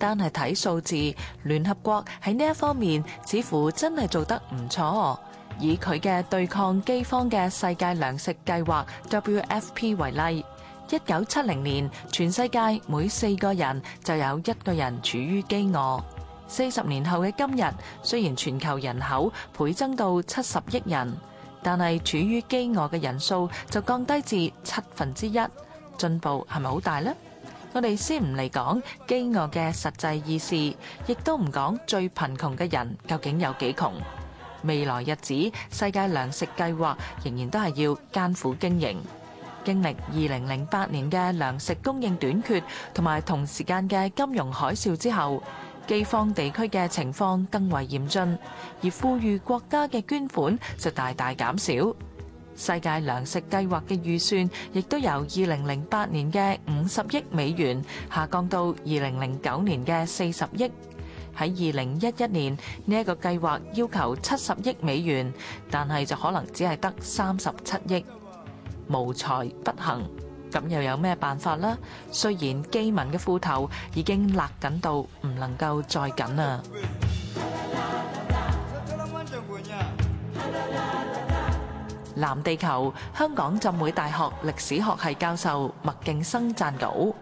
單係睇數字，聯合國喺呢一方面似乎真係做得唔錯。以佢嘅對抗饑荒嘅世界糧食計劃 （WFP） 為例，一九七零年全世界每四個人就有一個人處於饑餓。四十年後嘅今日，雖然全球人口倍增到七十億人，但係處於饑餓嘅人數就降低至七分之一，進步係咪好大呢？我哋先唔嚟講饑餓嘅實際意思，亦都唔講最貧窮嘅人究竟有幾窮。未來日子，世界糧食計劃仍然都係要艱苦經營。經歷二零零八年嘅糧食供應短缺同埋同時間嘅金融海嘯之後，饑荒地區嘅情況更為嚴峻，而富裕國家嘅捐款就大大減少。世界糧食計劃嘅預算亦都由二零零八年嘅五十億美元下降到二零零九年嘅四十億。喺二零一一年，呢一個計劃要求七十億美元，但係就可能只係得三十七億，無財不行。咁又有咩辦法啦？雖然基民嘅褲頭已經勒緊到唔能夠再緊啊！藍地球，香港浸會大學歷史學系教授麥勁生撰稿。